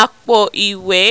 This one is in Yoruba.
àpò ìwé